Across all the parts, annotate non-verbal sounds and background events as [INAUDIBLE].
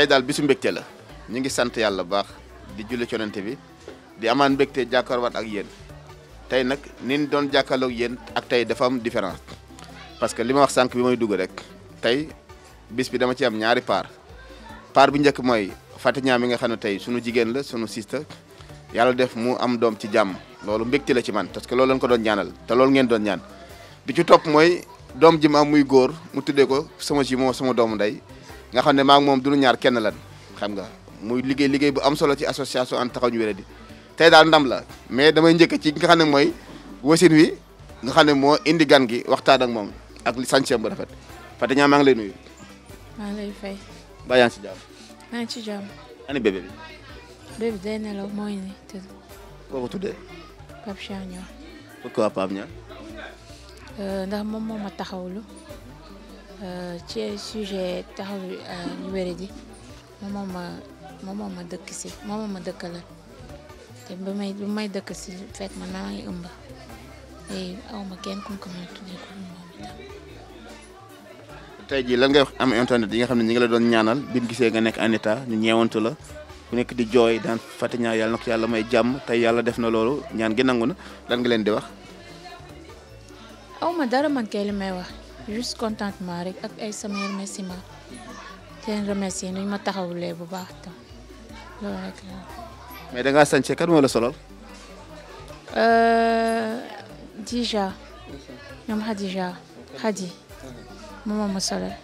tey daal bisu la ñu ngi sant yàlla baax di julli conante bi di amaan mbégte jàkkaarwaat ak yéen tey nag ni doon jàkkaarloog yéen ak tey dafa am différence parce que li ma wax sànq bi mooy dugg rek tey bis bi dama ci am ñaari paar paar bi njëkk mooy Faty Niang mi nga xam ne tey sunu jigéen la sunu sista yala def mu am doom ci jàmm loolu mbégte la ci man parce que loolu lañ ko doon ñaanal te loolu ngeen doon ñaan bi ci topp mooy doom ji ma am muy góor mu tuddee ko sama ji moom sama doomu ndey nga xam ne maa moom duñu ñaar kenn lan xam nga muy liggéey liggéey bu am solo ci association ànd taxaw ñu wéradi tey daal ndam la mais damay njëkk ci nga xam ne mooy wasin wi nga xam ne moo indi gan gi waxtaan ak moom ak li sànceem bu rafet Fatou Niang maa ngi lay nuyu. maa lay fay. ba yaa ngi ci ci jàmm. ani bébé bi. bébé day mooy ni tëdd. koo ko tuddee. Pape Cheikh Niang. pourquoi Pape Niang. Euh, ndax moom moo ma taxawlu. Euh, ci sujet taxawu euh, ñu wére ji moom ma moom ma dëkk si moom ma dëkk la te ba may dëkk si fekk man maa ngi ëmb te aw ma kenn ku ko mën a tuddee moom itam. tey lan ngay wax am internet yi nga xam ne ñi ngi la doon ñaanal bi gisee nga nekk en état ñu ñeewantu la. ku nekk di jooy daan Fatiña yàlla na ko yàlla may jàmm tey yàlla def na loolu ñaan gi nangu na lan nga leen di wax. aw dara man kay li may wax juste contentement rek ak ay samay remerciement teen remercier nuñ ma taxawulee bu baax tam loolu rek la. mais da ngaa sañse kat moo la solal. Euh, Dija ñoom Xadija Xadi moom ma solal.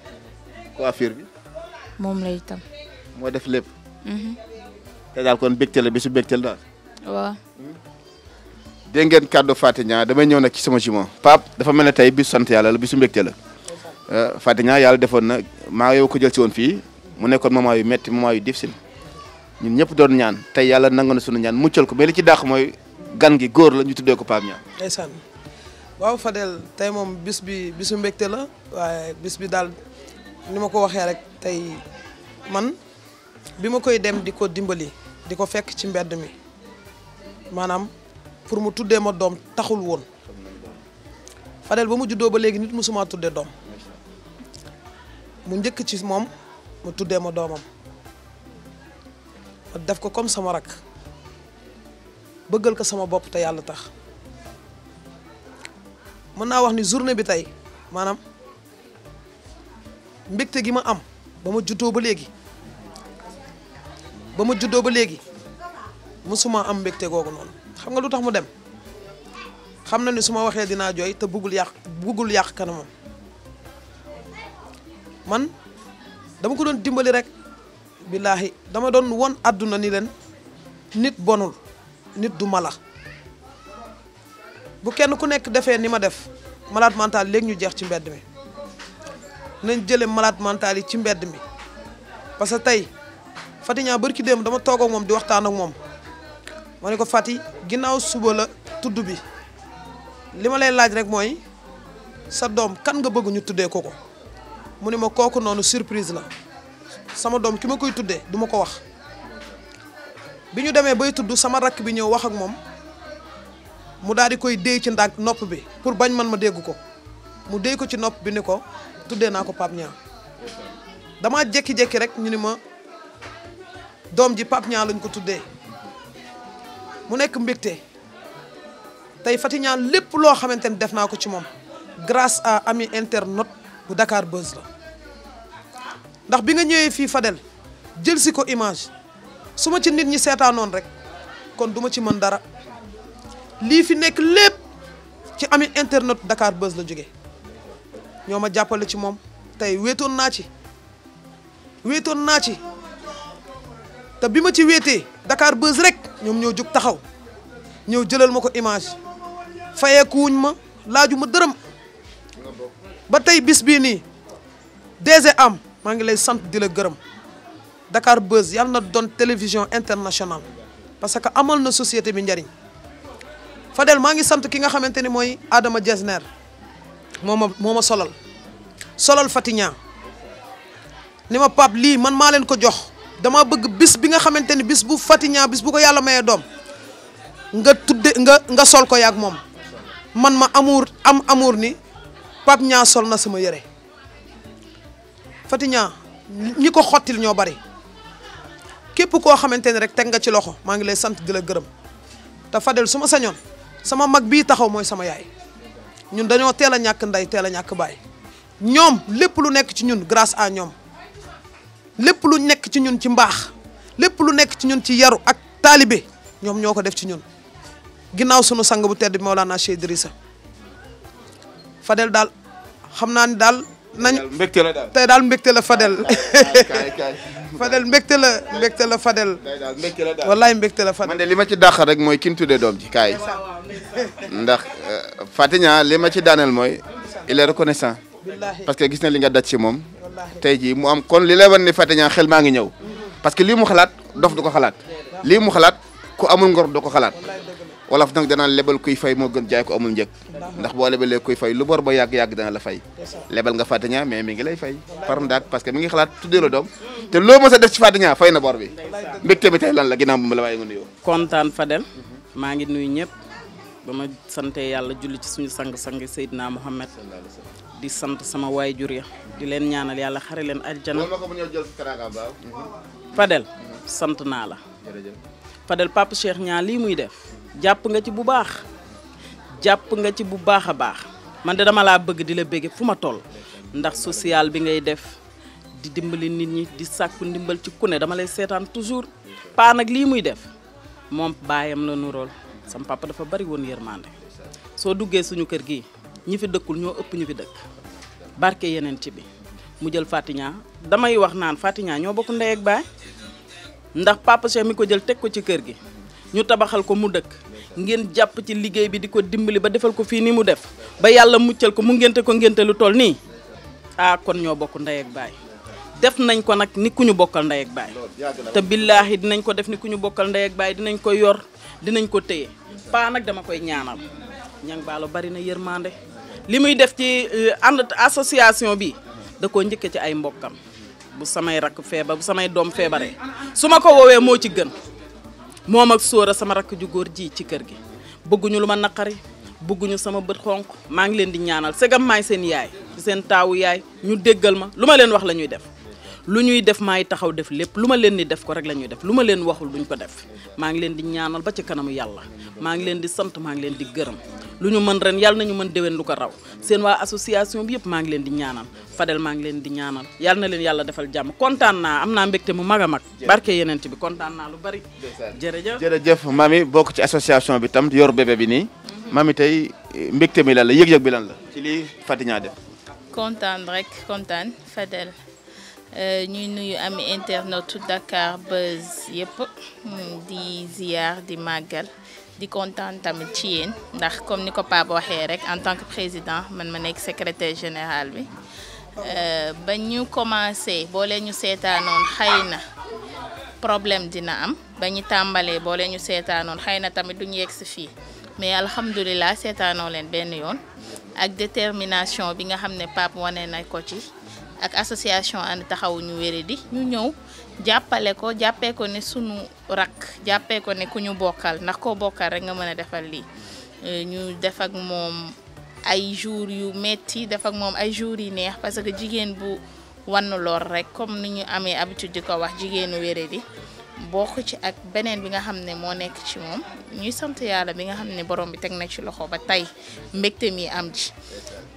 coiffure bi. moom la itam. moo def lépp. Mhm. te daal kon bégte la bi su daal. waaw. Hmm? dégg ngeen kàddu fàtte Niang damay ñëw nag ci sama jumeau. Pape dafa mel ne tey bisu sant yàlla la bisu mbégte la euh, Faty Niang yàlla defoon na maa yow ko jël si woon fii mu nekkoon moment yu metti moment yu difficile ñun ñëpp doon ñaan tey yàlla nangu na sunu ñaan muccal ko mais li ci dàq mooy gan gi góor la ñu tuddee ko Pape Niang. ndeysaan fa Fadel tey moom bis bi bisu mbégte la waaye bis bi daal ni ma ko waxee rek tey man bi ma koy dem di ko dimbali di ko fekk ci mbedd mi pour mu tuddee ma doom taxul woon Fadel ba mu juddoo ba léegi nit musuma tuddee doom mu njëkk ci moom mu tuddee ma doomam def ko comme sama rak bëggal ko sama bopp te yàlla tax mën naa wax ni journée bi tey maanaam mbégte gi ma am ba ma juddoo ba léegi ba ma juddoo ba léegi musuma am mbegte googu noonu xam nga lu tax mu dem xam na ni su ma waxee dinaa jooy te buggul yàq buggul yàq kanamam man dama ko doon dimbali rek billaahi dama doon won àdduna ni leen nit bonul nit du mala bu kenn ku nekk defee ni ma def malade mental léegi ñu jeex ci mbedd mi nañ jële malaat mental yi ci mbedd mi parce que tey Faty Niang bërki démb dama toog moom di waxtaan ak moom ma ne ko Fati ginnaaw suba la tudd bi li ma lay laaj rek mooy sa doom kan nga bëgg ñu tuddee ko ko mu ne ma kooku noonu surprise la sama doom ki ma koy tuddee du ma ko wax bi ñu demee bay tudd sama rakk bi ñëw wax ak moom mu daal di koy déy ci ndaag nopp bi pour bañ man ma dégg ko mu déy ko ci nopp bi ni ko tuddee naa ko Pape Niang damaa jékki-jékki rek ñu ni ma doom ji Pape Niang lañ ko tuddee mu nekk mbégte tey Fatignan lépp loo xamante ni def naa ko ci moom grâce à ami internet bu dakaar Buzz la ndax bi nga ñëwee fii Fadel jël si ko image su ma ci nit ñi seetaanoon rek kon duma ci mën dara lii fi nekk lépp ci ami internet dakaar Buzz la jóge ñoo ma jàppale ci moom tey wéetoon naa ci wéetoon naa ci te bi ma ci wéetee Dakar Buzz rek ñoom ñoo jóg taxaw ñëw jëlal ma ko image fayeekuwuñ ma laaju ma dërëm ba tey bis bii nii DG am maa ngi lay sant di la gërëm Dakar Buzz yàlla na doon télévision international parce que amal na société bi njariñ Fadel maa ngi sant ki nga xamante ni mooy Adama Jesner moo ma moo ma solal solal Fatigna ni ma pap lii man maa leen ko jox dama bëgg bis bi nga xamante ni bis bu Fatigna bis bu ko yàlla mayee doom nga tudde nga nga sol ko yaag moom man ma amur am amour ni Pape Niang sol na sama yére Fatigna ñi ko xottil ñoo bari képp koo xamante ni rek teg nga ci loxo maa ngi lay sant di la gërëm te Fadel su ma sañoon sama mag bii taxaw mooy sama yaay ñun dañoo teel a ñàkk ndey teel a ñàkk baay ñoom lépp lu nekk ci ñun grace à ñoom lépp lu nekk ci ñun ci mbaax lépp lu nekk ci ñun ci yaru ak taalibe ñoom ñoo ko def ci ñun ginnaaw sunu sang bu tedd bi Mawlana Cheikh Idrissa Fadel daal xam naa ni daal nañ mbégte la daal tey daal mbégte la Fadel [LAUGHS] Fadel mbégte la mbégte la Fadel wallaay mbégte la Fadel man de li ma ci dàq rek mooy ki ñu tuddee doom ji kaay ndax euh, Fatigna li ma ci daaneel mooy il est reconnaissant parce que gis na li nga daj ci moom tey jii mu am kon li lay wan ni Faty xel maa ngi ñëw parce que lii mu xalaat dof du ko xalaat lii mu xalaat ku amul ngor du ko xalaat wolof nag danaa lebal kuy fay moo gën jaay ko amul njëg ndax boo lebalee kuy fay lu bor ba yàgg-yàgg dana la fay lebal nga Faty Niang mais mi ngi lay fay par daat parce que mi ngi xalaat tuddee la doom te loo mës a def ci fay na bor bi mbégte bi tey lan la ginnaaw bu ma la waaye nga nuyoo kontaan fa Fadel maa ngi nuyu ñëpp ba ma sante yàlla julli ci suñu sang-sang Seydina Mouhamed di sant sama jur ya di leen ñaanal yàlla xare leen aljana mhm. Fadel sant naa la Fadel Papa Cheikh ñaan lii muy def jàpp nga ci bu baax jàpp nga ci bu baax a baax man de dama laa bëgg di la bége fu ma toll ndax social bi ngay def di dimbali nit ñi di sàkku ndimbal ci ku ne dama lay seetaan toujours paa nag lii muy def moom baayam la nurool sam papa dafa bari woon yërmande soo duggee suñu kër gi ñi fi dëkkul ñoo ëpp ñi fi dëkk barke yeneen ci bi mu jël Fatigna damay wax naan Fatigna ñoo bokk ndey ak baay ndax papa Cheikh mi ko jël teg ko ci kër gi ñu tabaxal ko mu dëkk ngeen jàpp ci liggéey bi di ko dimbali ba defal ko fii ni mu def ba yàlla muccal ko mu ngénte ko ngénte lu toll nii ah kon ñoo bokk ndey ak baay def nañ ko nag ni ku ñu bokkal ndey ak baay te billaahi dinañ ko def ni ku ñu bokkal ndey ak baay dinañ ko yor dinañ ko téye paa dama koy ñaanal ñang baalo bari na yërmande li muy def ci euh, ànd association bi da koo njëkke ci ay mbokkam bu samay rakk feebar bu samay doom feebaree su ma ko woowee moo ci gën moom ak sóora sama rakk ju góor ji ci kër gi bëgguñu lu ma naqari bëgguñu sama bët xonq maa ngi leen di ñaanal segam maay seen yaay seen taawu yaay ñu déggal ma lu ma leen wax la ñuy def lu ñuy def maay taxaw def lépp lu ma leen di def ko rek la ñuy def lu ma leen waxul duñ ko def maa ngi leen di ñaanal ba ci kanamu yàlla maa ngi leen di sant maa ngi leen di gërëm lu ñu mën ren yàlla nañu mën déwén lu ko raw seen waa association bi yëpp maa ngi leen di ñaanal Fadel maa ngi leen di ñaanal yàlla na leen yàlla defal jàmm kontaan naa am na mbégte mu mag a mag barke yeneen bi kontaan naa lu bari jërëjëf jërëjëf mami bokk ci association bi tam yor bébé bi nii mami tey eh, mbégte mi lan la yëg-yëg bi lan la ci lii Faty Niang def Euh, ñuy nuyu ami internetu Dakar Buzz yëpp hmm, di ziar di màggal di kontaan tamit ci yéen ndax comme ni ko Pape waxee rek en tant que président man ma nekk secretaire général bi euh, ba ñu commencé boo leen ñu seetaanoon xëy na problème dina am ba ñu tàmbalee boo leen ñu seetaanoon xëy na tamit ñu yegg si fii mais alhamdulilah seetaanoo leen benn yoon ak détermination bi nga xam ne Pape wane na ko ci. ak association ànd taxawuñu ñu wéradi ñu ñëw jàppale ko jàppee ko ne sunu rakk jàppee ko ne ku ñu bokkal ndax ko bokkal rek nga mën a defal lii euh, ñu def ak moom ay jours yu metti def ak moom ay jours yu neex parce que jigéen bu wann loor rek comme ni ñu amee habitude di ko wax jigéenu wéradi bokk ci ak beneen bi nga xam ne moo nekk ci moom ñuy sant yàlla bi nga xam ne borom bi teg na ci loxo ba tey mbégte mi am ji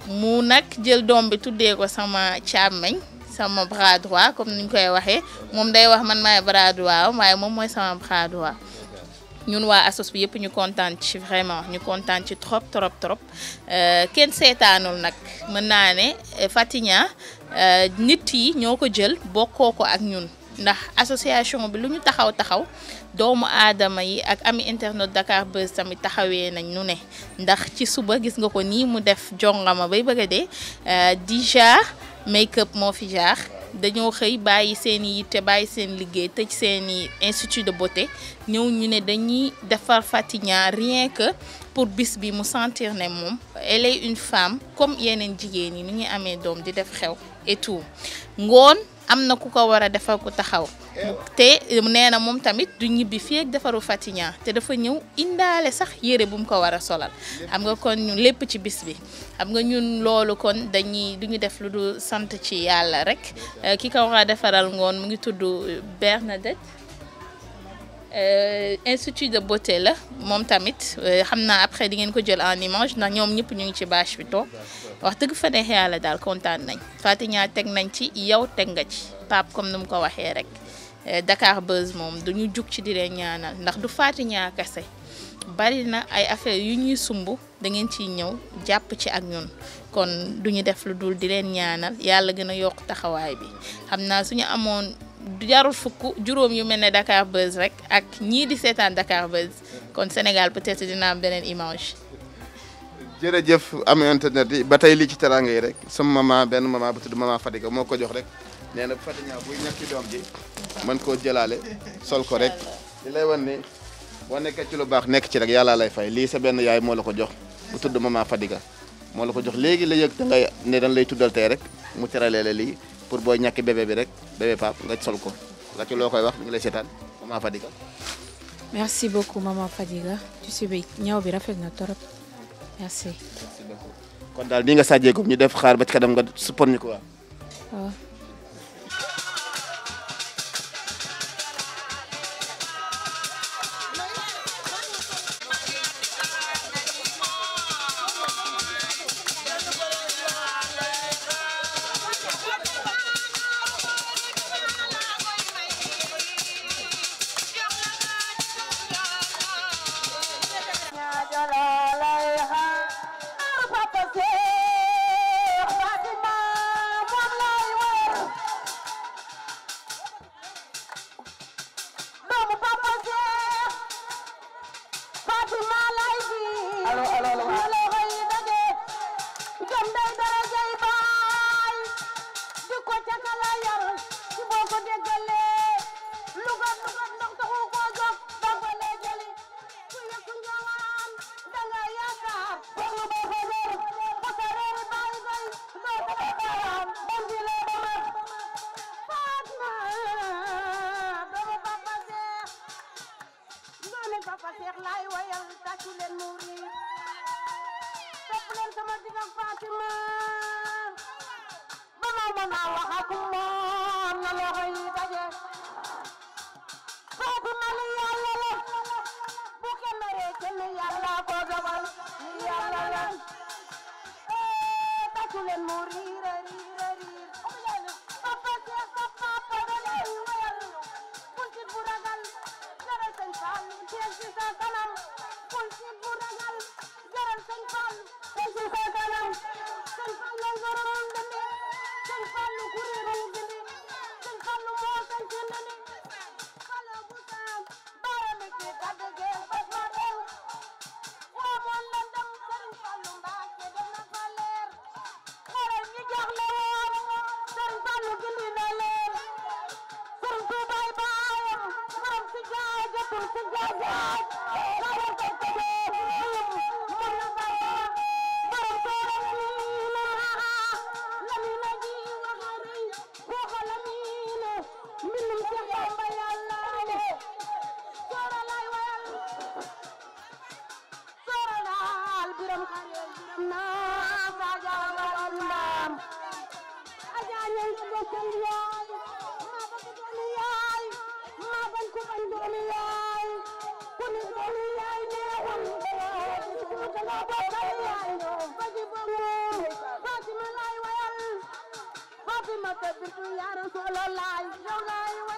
mu nag jël doom bi tuddee ko sama càmmeñ sama bras droit comme niñ koy waxee moom day wax man maay bras waaye moom mooy sama bras ñun waa asos bi yëpp ñu kontaan ci vraiment ñu kontaan ci trop trop trop euh, kenn seetaanul nag mën naa ne Fatigna euh, nit yi ñoo ko jël bokkoo ko ak ñun. ndax association bi lu ñu taxaw taxaw doomu aadama yi ak ami internet Dakar Buzz tamit taxawee nañ nu ne ndax ci suba gis nga ko nii mu def jongama bay bëgg a dee euh, déjà make-up moo fi jaar dañoo xëy bàyyi seen i yitte bàyyi seen liggéey tëj seen i institut de beauté ñëw ñu ne dañuy defar Fatigna rien que pour bis bi mu sentir ne moom elle une femme comme yeneen jigéen yi nu ñuy amee doom di def xew et ngoon am na ku ko war a defar ku taxaw te nee na moom tamit du ñibbi fii ak defaru Fatignan te dafa ñëw indaale sax yére bu mu ko war a solal xam nga kon ñun lépp ci bis bi xam nga ñun loolu kon dañuy duñu def lu du sant ci yàlla rek ki ko war a defaral ngoon mu ngi tudd Bernadette Euh, institut de beauté la moom tamit euh, xam naa après di ngeen ko jël en nimage ndax ñoom ñëpp ñu ngi ci bâche bi to wax dëgg fa neex yàlla daal kontaan nañ Fatigna teg nañ ci yow teg nga ci Pape comme ni mu ko waxee rek euh, Dakar Buzz moom du ñu jug ci di leen ñaanal ndax du Fatigna kese bari na ay affaire yu ñuy sumb da ngeen ciy ñëw jàpp ci ak ñun kon duñu def lu dul di leen ñaanal yàlla gën a yokk taxawaay bi xam naa suñu amoon. jarul fukk juróom yu mel ne Dakar Buzz rek ak ñii di seetaan Dakar Buzz kon Sénégal peut-être dina beneen image. jërëjëf am internet yi ba tey lii ci teraanga yi rek sama maman benn maman bu tudd maman Fatick moo ko jox rek nee na Fatick buy ñàkki mën koo jëlaale sol ko rek lay wan ni boo nekkee lu baax nekk ci rek yàlla lay fay lii sa benn yaay moo la ko jox bu tudd maman moo la ko jox léegi la yëg dañ lay tuddal tey rek mu teralee la lii. pour booy ñàkk bébé bi rek bébé pap nga sol ko la ci loo koy wax ñu ngi lay seetaan maman Fadiga. merci ma maman Fadiga tissu bi ñaw bi rafet na torop merci. merci beaucoup kon daal nii nga sàjjee ko ñu def xaar ba ci kanam nga support ñu ko waaw. Ah. Muhammad Rasulullah yow laay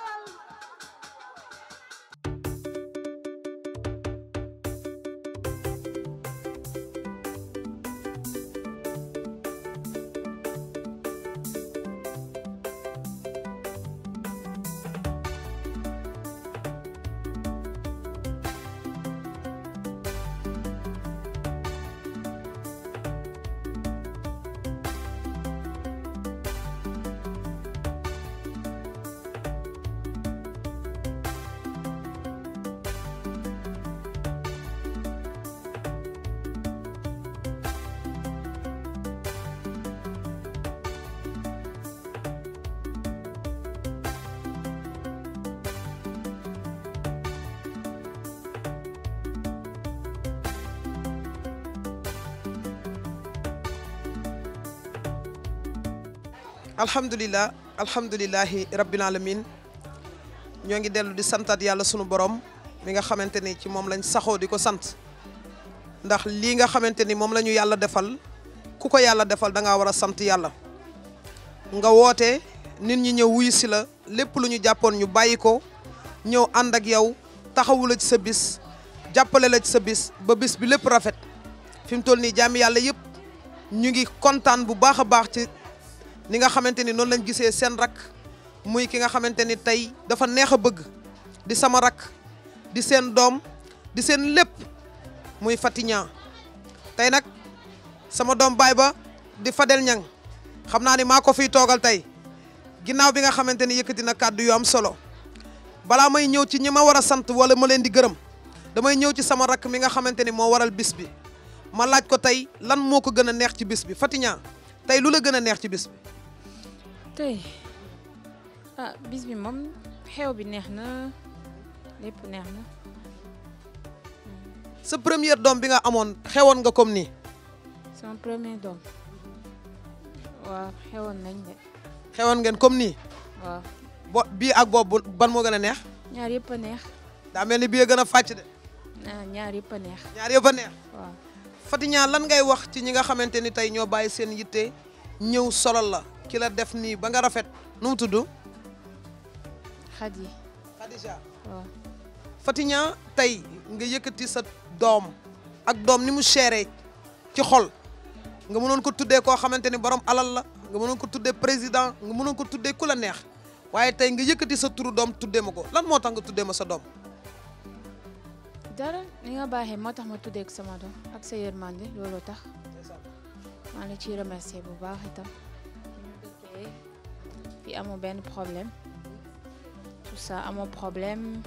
alhamdulilah alhamdulilahi rabbil alamin ñoo ngi dellu di santaat yàlla sunu borom mi nga xamante ni ci moom lañ saxoo di ko sant ndax lii nga xamante ni moom la ñu yàlla defal ku ko yàlla defal da ngaa war a sant yàlla nga woote nit ñi ñëw wuyu si la lépp lu ñu jàppoon ñu bàyyi ko ñëw ànd ak yow taxawu la ci sa bis jàppale la ci sa bis ba bis bi lépp rafet fi mu toll nii jaami yàlla yëpp ñu ngi kontaan bu baax a baax ci ni nga xamante ni noonu lañ gisee seen rakk muy ki nga xamante ni tey dafa neex a bëgg di sama rakk di seen doom di seen lépp muy Fatignan tey nag sama doom baay ba di Fadel Niang xam naa ni maa ko fi toogal tey ginnaaw bi nga xamante ni yëkkati na kàddu yu am solo balaa may ñëw ci ñi ma war a sant wala ma leen di gërëm damay ñëw ci sama rakk mi nga xamante ni moo waral bis bi ma laaj ko tey lan moo ko gën a neex ci bis bi Fatignan tey lu la gën a neex ci bis bi. tey ah bis bi moom xew bi neex na lépp neex na. sa première doom bi nga amoon xewoon nga comme ni sama premier doom waaw xewoon nañ de. xewoon ngeen comme nii. waaw bo bii ak boobu ban moo gën a neex. ñaar yëpp a neex. daa mel ni bii a gën a fàcc de. Ah, ñaar yëpp a neex. ñaar yëpp a neex. Fatigna lan ngay wax ci ñi nga xamante ni tey ñoo bàyyi seen yitte ñëw solo la ki la def nii ba nga rafet nu mu tudd. Khady. Khadija waaw. Fatigna tey nga yëkkati sa doom ak doom ni mu seere ci xool nga munoon ko tuddee koo xamante ni borom alal la nga mënoon ko tuddee président nga mënoon ko tuddee ku la neex waaye tey nga yëkkati sa turu doom tuddee ma ko lan moo tax nga tuddee ma sa doom. dara ni nga baaxee moo tax ma tuddee ak sama doom ak sa yërmande looloo tax maa ngi ciy remercier bu baax itam fi amu benn problème tout ça amoo problème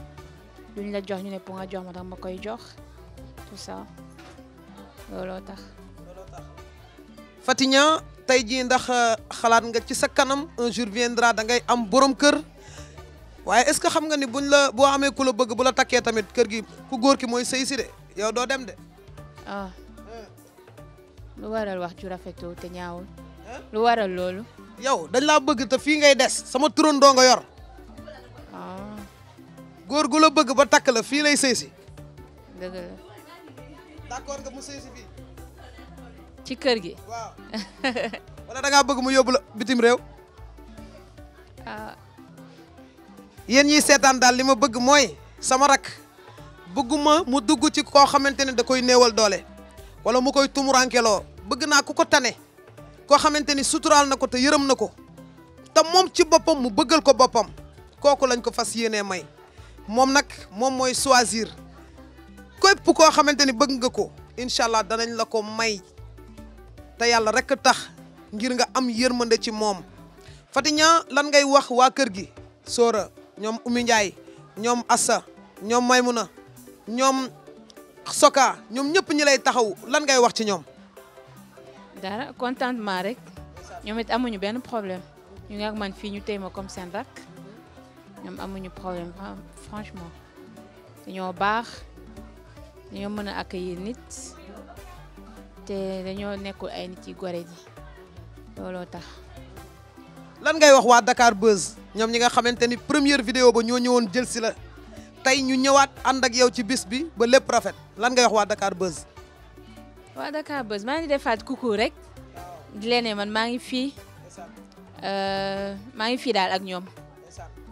luñ la jox ñu ne pour nga jox ma tax koy jox tout ça looloo tax Faty Niang tey jii ndax xalaat nga ci sa kanam un jour viendra da ngay am borom kër waaye est-ce que xam nga ni buñ la boo amee ku bëgg bu la takkee tamit kër gi ku góor ki mooy sëy de yow doo dem de. Ah. lu waral wax ju rafetoo te ñaawul. lu waral loolu. yow dañ laa bëgg te fii ngay des sama turandoo nga yor. Ah. góor gula bëgg ba takk la fii lay sëy si. dëgg la. d'accord ci kër gi. waaw [LAUGHS] wala bëgg mu yóbbu la bitim réew. yéen ñiy seetaan daal li ma bëgg mooy sama rak bëgguma mu dugg ci koo xamante ne da koy néewal doole wala mu koy tumurankeloo bëgg naa ku ko tane koo xamante ni suturaal na ko te yërëm na ko te moom ci boppam mu bëggal ko boppam kooku lañ ko fas yéenee may moom nag moom mooy choisir képp koo xamante ni bëgg nga ko incha allah danañ la ko may yàlla rek tax ngir nga am yërmande ci moom Faty Niang lan ngay wax waa kër gi Sora ñoom Oumy Ndiaye ñoom Assa ñoom Maymuna ñoom Soka ñoom ñëpp ñi lay taxaw lan ngay wax ci ñoom. dara contentement rek ñoom it amuñu benn problème ñu ngi ak man fii ñu téy ma comme seen rak ñoom amuñu problème franchement ñoo baax ñoo mën a accueillir nit te dañoo nekkul ay nit yi gore ji looloo tax. lan ngay wax waa Dakar Buzz. ñoom ñi nga xamante ni première vidéo ba ñoo ñëwoon jël si la tey ñu ñëwaat ànd ak yow ci bis bi ba lépp rafet lan ngay wax waa Dakar Buzz. waa Dakar Buzz maa ngi defaat coucou rek di leen man maa ngi fii euh, maa ngi fii daal ak ñoom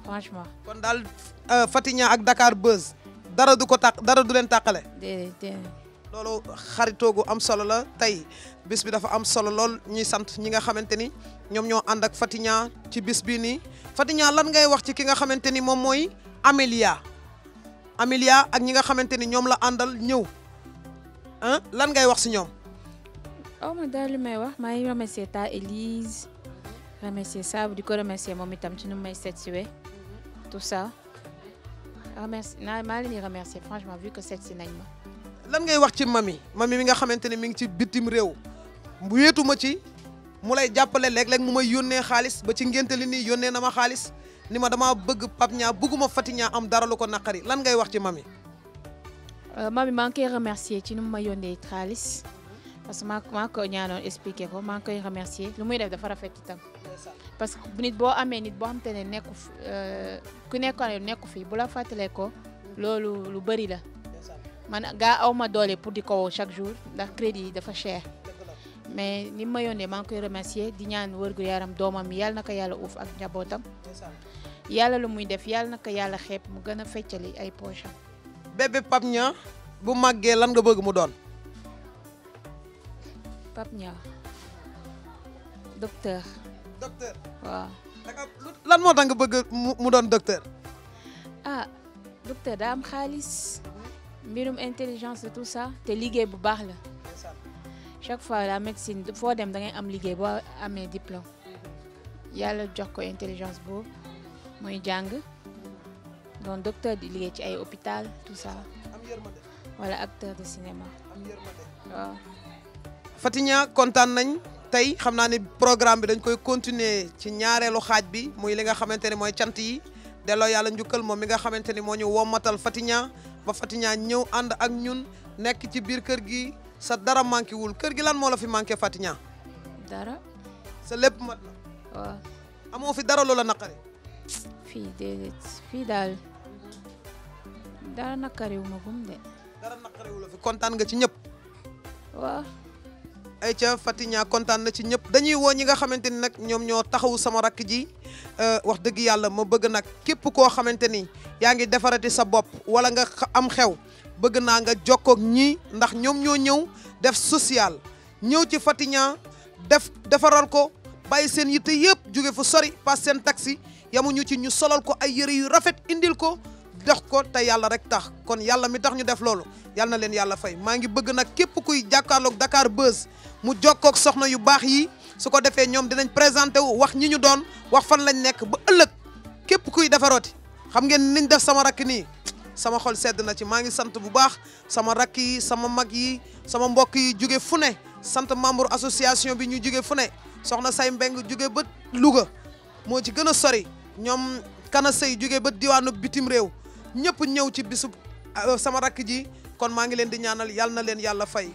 franchement. kon daal euh, Fatigna ak Dakar Buzz dara du ko tàq dara du leen tàqale. déedéet déedéet. loolu xaritoogu am solo la tey bis bi dafa am solo lool ñuy sant ñi nga xamante ni ñoom ñoo ànd ak Fatigna ci bis bi nii Fatigna lan ngay wax ci ki nga xamante ni moom mooy Amélia Amélia ak ñi nga xamante ni ñoom la àndal ñëw ah lan ngay wax si ñoom. aw ma daal li may wax maa ngi remercier ta Élise remercier Saabu di ko remercier moom itam ci nu may seet si we tout ça maa leen di remercier franchement vu que seet si nañ ma. lan ngay wax ci mami mami mi nga xamante ni mi ngi ci bitim réew wéetu ma ci. mu lay jàppale léeg-léeg mu may yónnee xaalis ba ci ngénte li nii yónnee na ma xaalis ni ma dama bëgg Pape Niang bëgguma Faty Niang am dara lu ko naqari lan ngay wax ci mami. Euh, mami maa ngi koy remercier ci nu mu ma yónnee xaalis parce que maa maa ko ñaanoon expliquer ko maa ngi koy remercier lu muy def dafa rafet itam. parce que nit boo amee nit boo xam te ne nekku euh, ku nekkoon nekku fi bu la fàttalee ko loolu lu bëri la. man gaa awma doole pour di kow chaque jour ndax crédit yi dafa cher. mais li ma yónnee maa ngi koy remercier di ñaan wërgu yaram doomam yi yàlla ko yàlla uuf ak njabootam yàlla lu muy def yàlla na ko yàlla xeeb mu gën a feccali ay poche am bébé Pape Niang bu màggee lan nga bëgg mu doon Pape Niang moo tax nga bëgg mu doon docteur ah docteur daa am xaalis mbirum intelligence tout ça te liggéey bu baax la chaque fois la médecine foo dem dangay am liggéey boo amee diplôme yàlla jox ko intelligence boobu muy jàng doon docteur di liggéey ci ay hôpital tout ça wala acteur de cinéma waaw. Fatigna kontaan nañ tey xam naa ne programme bi dañ koy continuer ci ñaareelu xaaj bi muy li nga xamante ne mooy cant yi delloo yàlla njukkal moom mi nga xamante ni moo ñu wommatal Fatigna ba Fatigna ñëw ànd ak ñun nekk ci biir kër gi. sa dara manqué wul kër gi lan moo la fi manqué Fatigna. dara. sa lépp mat na. amoo fi dara loola naqari. fii déedéet fii daal dara naqariwu ma gum de. dara naqariwu la fi kontaan nga ci ñëpp. waaw. ayca Fatigna kontaan na ci ñëpp dañuy woo ñi nga xamante ni nag ñoom ñoo taxawu sama rakk ji euh, wax dëgg yàlla ma bëgg nag képp koo xamante ni yaa ngi defarati sa bopp wala nga am xew bëgg naa nga jokkoog ñii ndax ñoom ñoo ñëw def social ñëw ci Fatigna def defaral ko bàyyi seen yitte yëpp jóge fu sori paas seen taxi yamuñu ci ñu solal ko ay yëre yu rafet indil ko def ko te yàlla rek tax kon yàlla mi tax ñu def loolu yàlla na leen yàlla fay maa ngi bëgg nag képp kuy jàkkaarloog Dakar Buzz mu jokkook soxna yu baax yi su ko defee ñoom dinañ présenté wu wax ñi ñu doon wax fan lañ nekk ba ëllëg képp kuy defarooti xam ngeen niñ def sama rakk nii sama xol sedd na ci maa ngi sant bu baax sama rakk yi sama mag yi sama mbokk yi jóge fu ne sant membre association bi ñu jóge fu ne soxna say mbeng jóge ba Louga moo ci gën a sori ñoom kana sëy jóge ba diwaanu bitim réew ñëpp ñëw ci bisub euh, sama rakk ji kon maa ngi leen di ñaanal yàlla na leen yàlla fay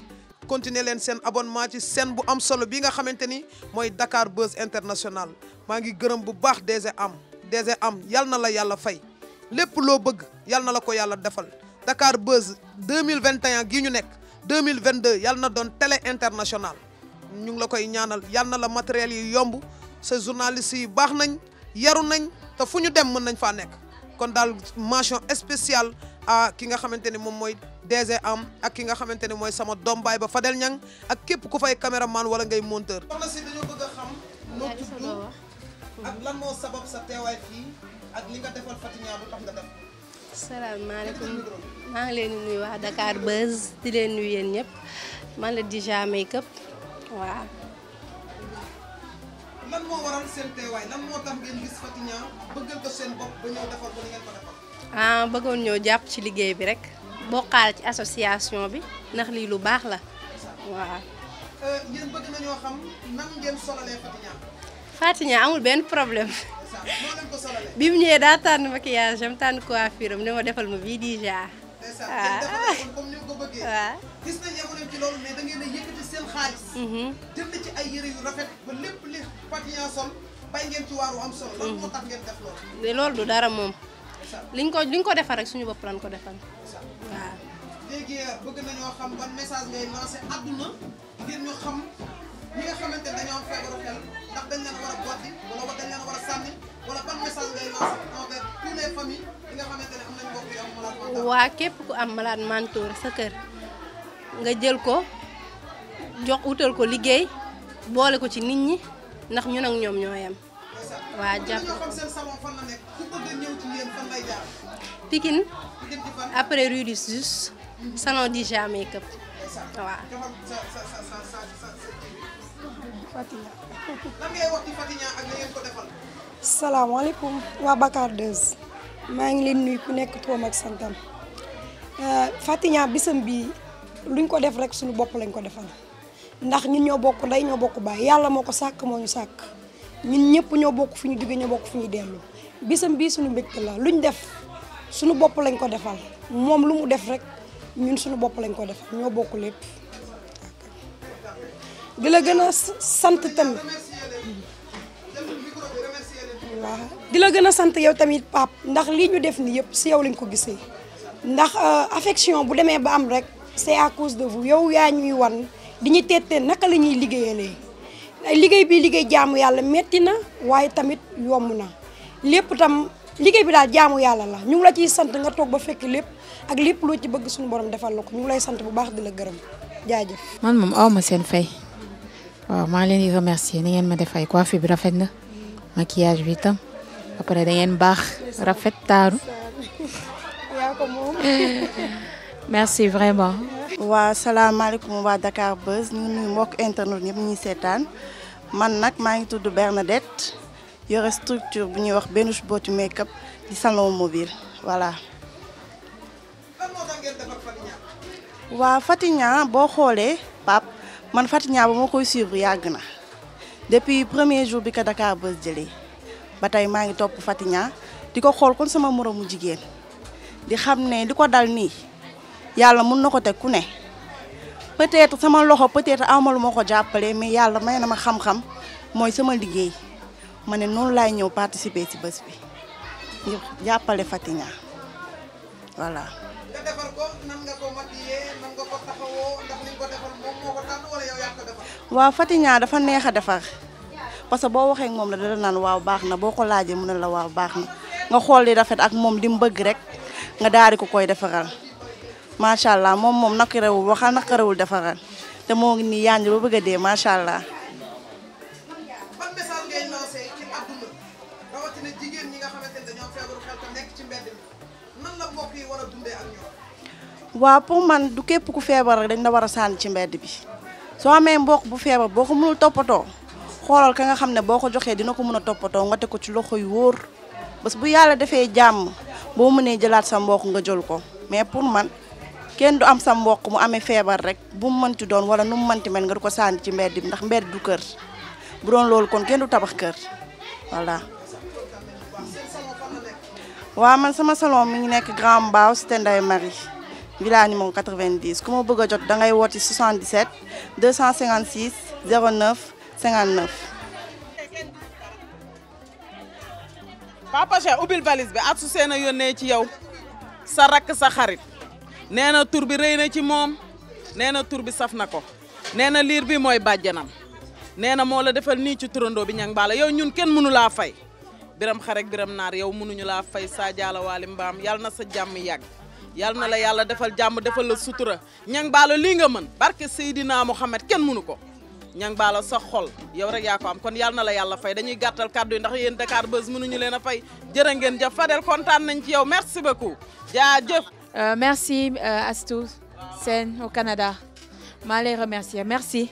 continuer leen seen abonnement ci seen bu am solo bi nga xamante ni mooy Dakar Buzz International maa ngi gërëm bu baax DG am DG am yal na la yàlla fay lépp loo bëgg yàlla na la ko yàlla defal Dakar Buzz 2021 gii ñu nekk mille vingt deux yàlla na doon télé international ñu ngi la koy ñaanal yàlla na la matériel yi yomb sa journaliste yi baax nañ yaru nañ te fu ñu dem mën nañ faa nekk kon daal mention spéciale a ki nga xamante ne moom mooy DG am ak ki nga xamante ne mooy sama doom baay ba Fadel Niang ak képp ku fay caméraman wala ngay monteur. soxna si ak lan moo sabab sa teewaay fii ak li nga defal Fatigna bu tax nga def. salaamaaleykum maa ngi leen di wax Dakar Buzz di leen nuyu yéen ñëpp man la Dija Makeup waaw. lan moo waral ñëw ah, jàpp ci liggéey bi rek. bokkaal ci association bi ndax lii lu baax la waaw. Euh, ngeen amul benn problème. bi mu ñëwee daa tànn maquillage am tànn coiffure am ne ma defal ma bii déjà. waaw ah, ah. comme ni nga ko bëggee. Ah. gis nañ ci loolu mais da ngeen a yëkkati seen xaalis. Mhm. jënd ci ay yëre yu rafet ba lépp li patiñaa sol bay ngeen ci waaru am solo. loolu moo mhm. tax ngeen loolu. du dara moom. liñ ko liñ ko defar rek suñu bopp lañ ko defal. waaw. léegi euh, bëgg nañoo xam ban message ngay lancé àdduna ngir ñu xam ñi nga xamante ne dañoo am feebaru xel ndax dañ leen war a boddi wala dañ leen war a sànni. waa képp ku am malade mental sa kër nga jël ko jox utal ko liggéey boole ko ci nit ñi ndax ñu nag ñoom ñoo yem. waa jàpp Pikine après rue du salon di ja make-up Fatigna. lan waa Bakar 2 maa ngi leen nuyu ku nekk turam ak santam euh, Fatigna bisam bii luñ ko def rek suñu bopp lañ ko defal ndax ñun ñoo bokk ndey ñoo bokk baay yàlla moo ko sàkk moo ñu sàkk ñun ñëpp ñoo bokk fu ñu jóge ñoo bokk fu ñu dellu bisam bii suñu mbégte la luñ def suñu bopp lañ ko defal moom lu mu def rek ñun suñu bopp lañ ko defal ñoo bokk lépp. di la gën a sant tamit waaw di la gën a sant yow tamit pap ndax lii ñu def ni yëpp si yow lañ ko gisee ndax euh, affection bu demee ba am rek c'est à cause de vous yow yaa ñuy wan di ñu teetee naka la ñuy liggéeyalee liggéey bi liggéey jaamu yàlla metti na waaye tamit yomb na lépp tam liggéey bi daal jaamu yàlla la ñu la ciy sant nga toog ba fekk lépp ak lépp loo ci bëgg suñu borom defal la ko ñu lay sant bu baax di la gërëm jaajëf. man moom aw seen fay. waaw maa leen di remercier ni ngeen ma defay ay coiffure bi rafet na maquillage bi itam ba pare baax rafet taaru [LAUGHS] merci vraiment. waa salaamaaleykum waa Dakar Buzz ñu ngi mbokk internet ñëpp ñuy seetaan man nag maa ngi tudd Bernadette yore structure bu ñuy wax Benouche Beauty Makeup di salon mobile voilà. waa Fatigna boo xoolee Pape. man Faty Niang ba moo koy suivre yàgg na depuis premier jour bi ko Dakar Buzz jële ba tey maa ngi topp Faty di ko xool kon sama moroomu jigéen di xam ne di ko dal nii yàlla mun na ko teg ku ne peut-être sama loxo peut-être awma lu ma ko jàppale mais yàlla may na ma xam-xam mooy sama liggéey ma ne noonu laay ñëw participer ci bés bi ngir jàppale Faty Niang waaw Fatigna dafa neex a defar parce que boo waxee moom la dala naan waaw baax na boo ko laajee mu na la waaw baax na nga xool li rafet ak moom li mu bëgg rek nga daari ko koy defaral macha allah moom moom naqarewul waxal naqarewul defaral te moo ngi nii yaañ ba bëgg a dee macha allah. waaw pour man du képp ku feebar dañ la war a sànni ci mbedd bi. soo amee mbokk bu feebar boo ko mënul toppatoo xoolal ka nga xam ne boo ko joxee dina ko mën a toppatoo nga te ko ci loxo yu wóor parce que bu yàlla defee jàmm boo mënee jëlaat sa mbokk nga jël ko mais pour man kenn du am sa mbokk mu amee feebar rek bu mu mënti doon wala nu mu mënti mel nga du ko sànni ci mbedd bi ndax mbedd du kër bu doon loolu kon kenn du tabax kër voilà. waaw man sama salon mi ngi nekk Grand Mbao cité Ndeye Marie Wilane moom 90 ku ma bëgg a jot da ngay woote 77 256 09 59. Papa Cheikh ubbil valise bi Astou Sène a yónnee ci yow sa rakk sa xarit nee na tur bi rëy na ci moom nee na tur bi saf na ko nee na liir bi mooy bàjjanam nee na moo la defal nii ci turandoo bi ñang bala yow ñun kenn mënu laa fay biram xarek biram naar yow mënuñu laa fay saa jaala waali mbaam yàlla na sa jàmm yàgg. yàlla na la yàlla defal jàmm defal la sutura ñang baalo lii nga mën barke Seydina Mohamed kenn mënu ko ñang baalo sax xol yow rek yaa ko am kon yàlla na la yàlla fay dañuy gàttal kàddu yi ndax yéen Dakar Buzz mënuñu leen a fay jërë ngeen jëf Fadel kontaan nañ ci yow merci beaucoup jaajëf. Euh, merci euh, Astou Sène au Canada maa lay remercier merci.